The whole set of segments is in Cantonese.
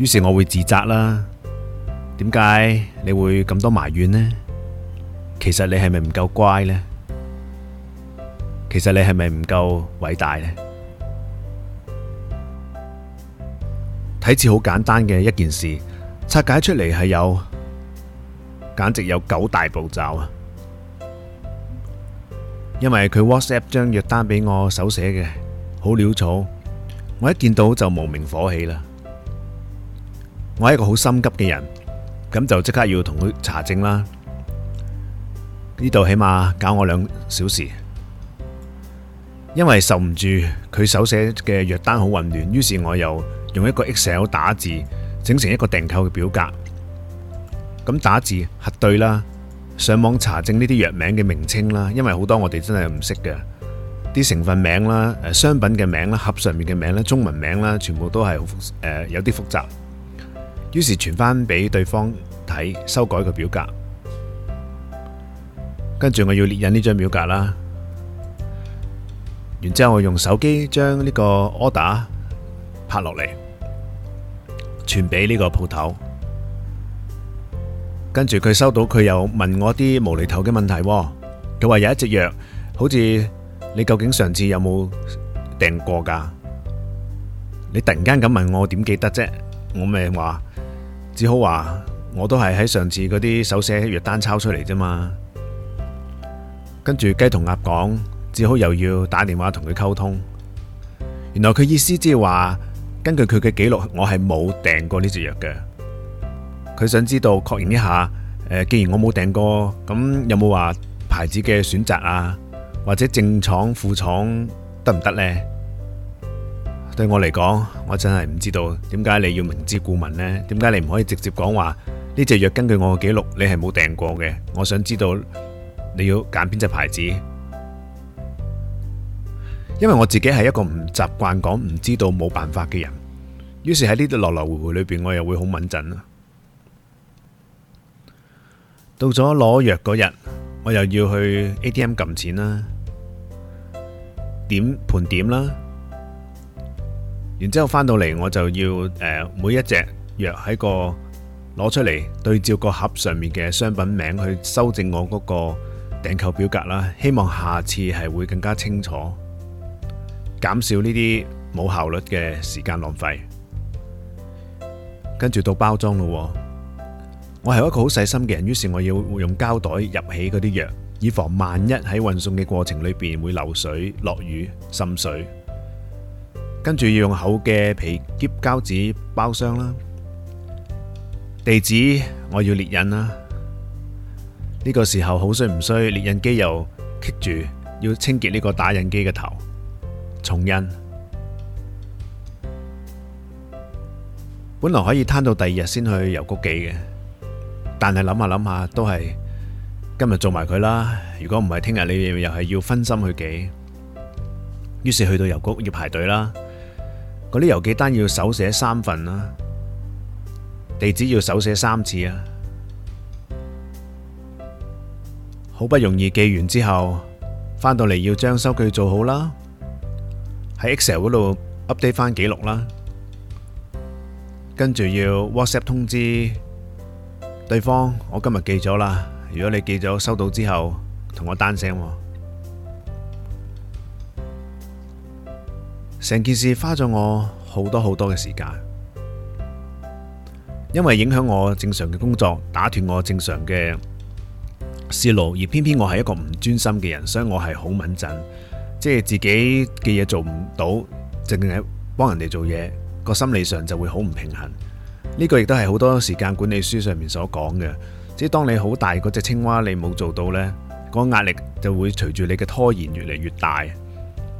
於是我會自責啦，點解你會咁多埋怨呢？其實你係咪唔夠乖呢？其實你係咪唔夠偉大呢？睇似好簡單嘅一件事，拆解出嚟係有，簡直有九大步驟啊！因為佢 WhatsApp 張藥單俾我手寫嘅，好潦草，我一見到就無名火起啦。我係一個好心急嘅人，咁就即刻要同佢查證啦。呢度起碼搞我兩小時，因為受唔住佢手寫嘅藥單好混亂，於是我又用一個 Excel 打字，整成一個訂購嘅表格。咁打字核對啦，上網查證呢啲藥名嘅名稱啦，因為好多我哋真係唔識嘅啲成分名啦、誒商品嘅名啦、盒上面嘅名啦、中文名啦，全部都係誒有啲複雜。於是傳返俾對方睇，修改個表格。跟住我要列印呢張表格啦。然之後我用手機將呢個 order 拍落嚟，傳俾呢個鋪頭。跟住佢收到，佢又問我啲無厘頭嘅問題。佢話有一隻藥，好似你究竟上次有冇訂過㗎？你突然間咁問我，點記得啫？我咪話。只好話，我都係喺上次嗰啲手寫藥單抄出嚟啫嘛。跟住雞同鴨講，只好又要打電話同佢溝通。原來佢意思即係話，根據佢嘅記錄，我係冇訂過呢隻藥嘅。佢想知道確認一下，既然我冇訂過，咁有冇話牌子嘅選擇啊？或者正廠副廠得唔得呢？對我嚟講，我真係唔知道點解你要明知故問呢？點解你唔可以直接講話呢隻藥？根據我嘅記錄，你係冇訂過嘅。我想知道你要揀邊隻牌子，因為我自己係一個唔習慣講唔知道冇辦法嘅人。於是喺呢度來來回回裏邊，我又會好穩陣啦。到咗攞藥嗰日，我又要去 ATM 撳錢啦，點盤點啦。然之後返到嚟我就要、呃、每一隻藥喺個攞出嚟對照個盒上面嘅商品名去修正我嗰個訂購表格啦。希望下次係會更加清楚，減少呢啲冇效率嘅時間浪費。跟住到包裝咯，我係一個好細心嘅人，於是我要用膠袋入起嗰啲藥，以防萬一喺運送嘅過程裏面會漏水、落雨、滲水。跟住要用厚嘅皮膠紙包箱啦。地址我要列印啦。呢個時候好衰唔衰？列印機又棘住，要清潔呢個打印機嘅頭重印。本來可以攤到第二日先去郵局寄嘅，但係諗下諗下都係今日做埋佢啦。如果唔係聽日你哋又係要分心去寄。於是去到郵局要排隊啦。嗰啲郵寄單要手寫三份啦，地址要手寫三次啊！好不容易寄完之後，返到嚟要將收據做好啦，喺 Excel 嗰度 update 翻記錄啦，跟住要 WhatsApp 通知對方，我今日寄咗啦，如果你寄咗收到之後，同我單聲。成件事花咗我好多好多嘅時間，因為影響我正常嘅工作，打斷我正常嘅思路，而偏偏我係一個唔專心嘅人，所以我係好穩陣，即係自己嘅嘢，做唔到，淨係幫人哋做嘢，個心理上就會好唔平衡。呢個亦都係好多時間管理書上面所講嘅，即係當你好大嗰隻青蛙你冇做到咧，個壓力就會隨住你嘅拖延越嚟越大。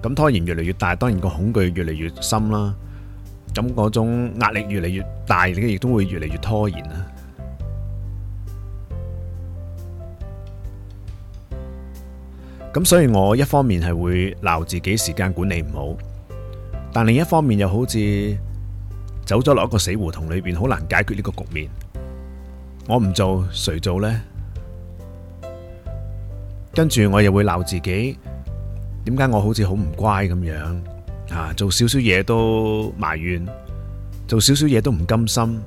咁拖延越嚟越大，當然個恐懼越嚟越深啦。咁嗰種壓力越嚟越大，你亦都會越嚟越拖延啦。咁所以我一方面係會鬧自己時間管理唔好，但另一方面又好似走咗落一個死胡同裏邊，好難解決呢個局面。我唔做，誰做呢？跟住我又會鬧自己。點解我好似好唔乖咁樣啊？做少少嘢都埋怨，做少少嘢都唔甘心。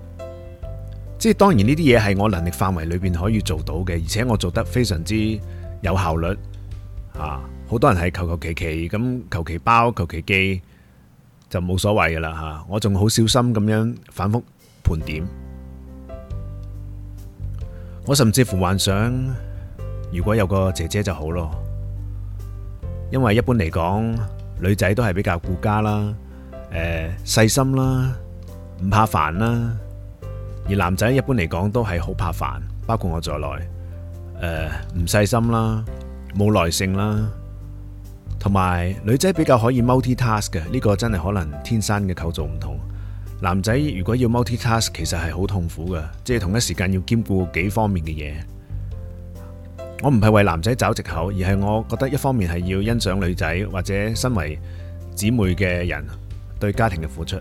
即係當然呢啲嘢係我能力範圍裏邊可以做到嘅，而且我做得非常之有效率啊！好多人係求求其其咁求其包求其記，就冇所謂噶啦吓。我仲好小心咁樣反覆盤點，我甚至乎幻想，如果有個姐姐就好咯。因為一般嚟講，女仔都係比較顧家啦，誒、呃，細心啦，唔怕煩啦。而男仔一般嚟講都係好怕煩，包括我在內，誒、呃，唔細心啦，冇耐性啦，同埋女仔比較可以 multi task 嘅，呢個真係可能天生嘅構造唔同。男仔如果要 multi task，其實係好痛苦嘅，即係同一時間要兼顧幾方面嘅嘢。我唔係為男仔找藉口，而係我覺得一方面係要欣賞女仔或者身為姊妹嘅人對家庭嘅付出，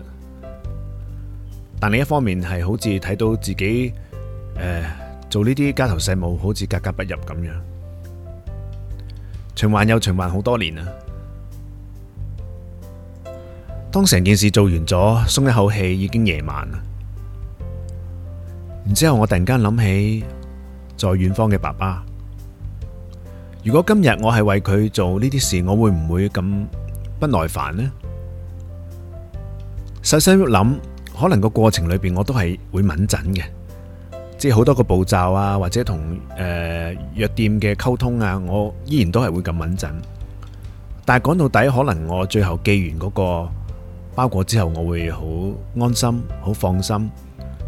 但另一方面係好似睇到自己、呃、做呢啲家頭細務，好似格格不入咁樣。循環又循環好多年啦。當成件事做完咗，鬆一口氣，已經夜晚啦。然之後我突然間諗起在遠方嘅爸爸。如果今日我係為佢做呢啲事，我會唔會咁不耐煩呢？細細諗，可能個過程裏邊我都係會敏診嘅，即係好多個步驟啊，或者同誒、呃、藥店嘅溝通啊，我依然都係會咁敏診。但係講到底，可能我最後寄完嗰個包裹之後，我會好安心、好放心，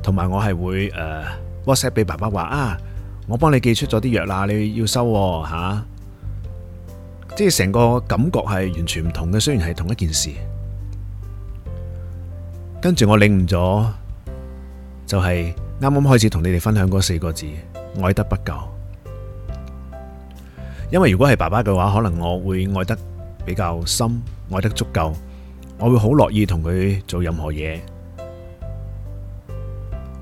同埋我係會誒、呃、WhatsApp 俾爸爸話啊。我幫你寄出咗啲藥啦，你要收吓，啊啊，即係成個感覺係完全唔同嘅。雖然係同一件事，跟住我領悟咗，就係啱啱開始同你哋分享嗰四個字，愛得不夠。因為如果係爸爸嘅話，可能我會愛得比較深，愛得足夠，我會好樂意同佢做任何嘢。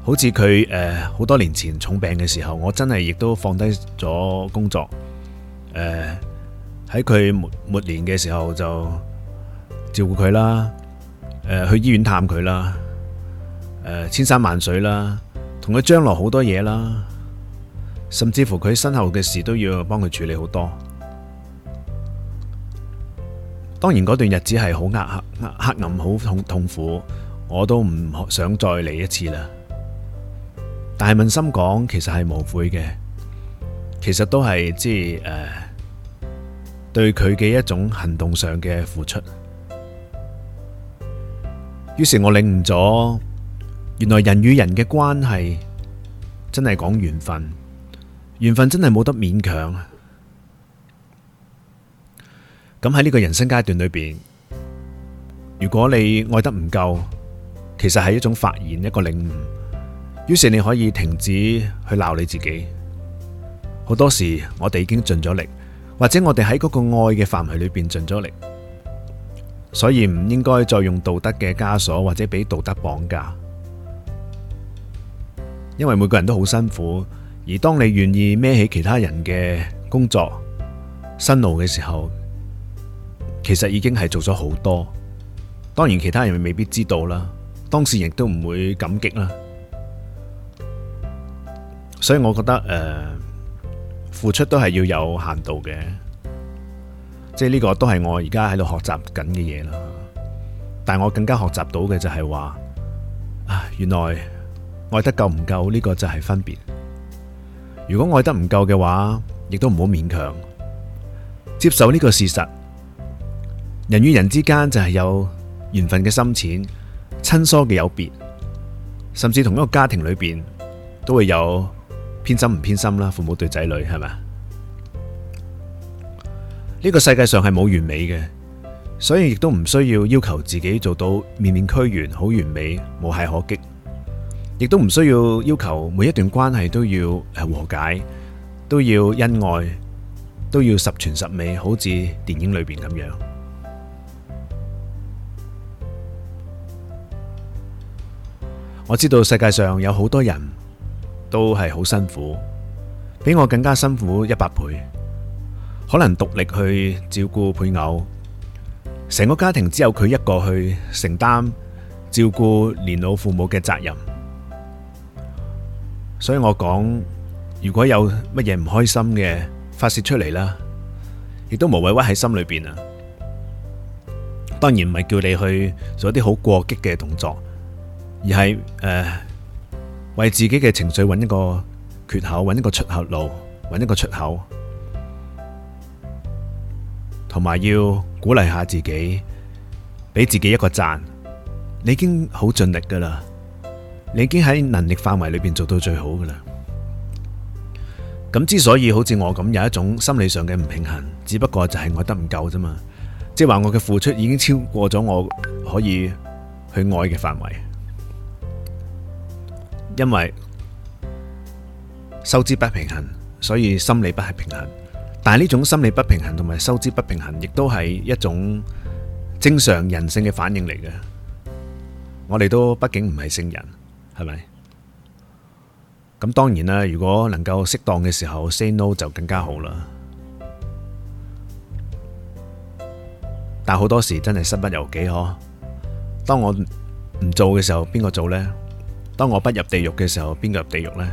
好似佢誒，好、呃、多年前重病嘅時候，我真係亦都放低咗工作。誒、呃，喺佢末末年嘅時候就照顧佢啦、呃，去醫院探佢啦、呃，千山萬水啦，同佢將來好多嘢啦，甚至乎佢身後嘅事都要幫佢處理好多。當然嗰段日子係好黑黑黑暗，好痛痛苦，我都唔想再嚟一次啦。但係問心講，其實係無悔嘅，其實都係即係誒，對佢嘅一種行動上嘅付出。於是我領悟咗，原來人與人嘅關係真係講緣分，緣分真係冇得勉強。咁喺呢個人生階段裏邊，如果你愛得唔夠，其實係一種發現，一個領悟。於是你可以停止去鬧你自己。好多時我哋已經盡咗力，或者我哋喺嗰個愛嘅範圍裏邊盡咗力，所以唔應該再用道德嘅枷鎖或者俾道德綁架。因為每個人都好辛苦，而當你願意孭起其他人嘅工作、辛勞嘅時候，其實已經係做咗好多。當然其他人未必知道啦，當事人亦都唔會感激啦。所以我覺得誒、呃，付出都係要有限度嘅，即係呢個都係我而家喺度學習緊嘅嘢啦。但我更加學習到嘅就係話，原來愛得夠唔夠呢個就係分別。如果愛得唔夠嘅話，亦都唔好勉強接受呢個事實。人與人之間就係有緣分嘅深淺、親疏嘅有別，甚至同一個家庭裏邊都會有。偏心唔偏心啦，父母對仔女係咪？呢個世界上係冇完美嘅，所以亦都唔需要要求自己做到面面俱圓、好完美、無懈可擊；亦都唔需要要求每一段關係都要和解、都要恩愛、都要十全十美，好似電影裏邊咁樣。我知道世界上有好多人。都係好辛苦，比我更加辛苦一百倍。可能獨力去照顧配偶，成個家庭只有佢一個去承擔照顧年老父母嘅責任。所以我講，如果有乜嘢唔開心嘅，發洩出嚟啦，亦都唔好委屈喺心裏邊啊。當然唔係叫你去做一啲好過激嘅動作，而係誒。為自己嘅情緒揾一個缺口，揾一個出口路，揾一個出口，同埋要鼓勵下自己，俾自己一個讚。你已經好盡力噶啦你已經喺能力範圍裏邊做到最好噶啦咁之所以好似我咁有一種心理上嘅唔平衡，只不過就係愛得唔夠啫嘛。即係話我嘅付出已經超過咗我可以去愛嘅範圍。因為收支不平衡，所以心理不係平衡。但係呢種心理不平衡同埋收支不平衡，亦都係一種正常人性嘅反應嚟嘅。我哋都畢竟唔係聖人，係咪？咁當然啦，如果能夠適當嘅時候 say no 就更加好啦。但好多時候真係身不由己，嗬、啊。當我唔做嘅時候，邊個做呢？當我不入地獄嘅時候，邊個入地獄呢？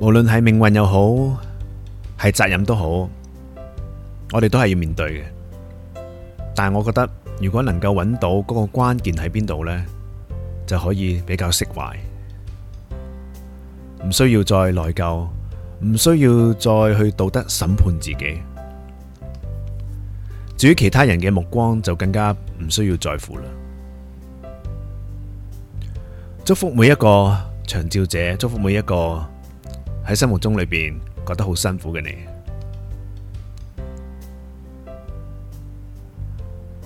無論係命運又好，係責任都好，我哋都係要面對嘅。但係我覺得，如果能夠揾到嗰個關鍵喺邊度呢，就可以比較釋懷，唔需要再內疚，唔需要再去道德審判自己。至於其他人嘅目光就更加唔需要在乎啦。祝福每一個長照者，祝福每一個喺生活中裏邊覺得好辛苦嘅你。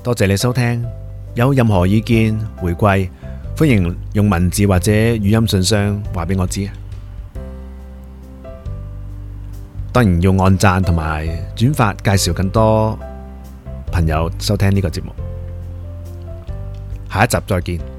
多謝你收聽，有任何意見回饋，歡迎用文字或者語音信箱話俾我知。當然用按讚同埋轉發，介紹更多朋友收聽呢個節目，下一集再見。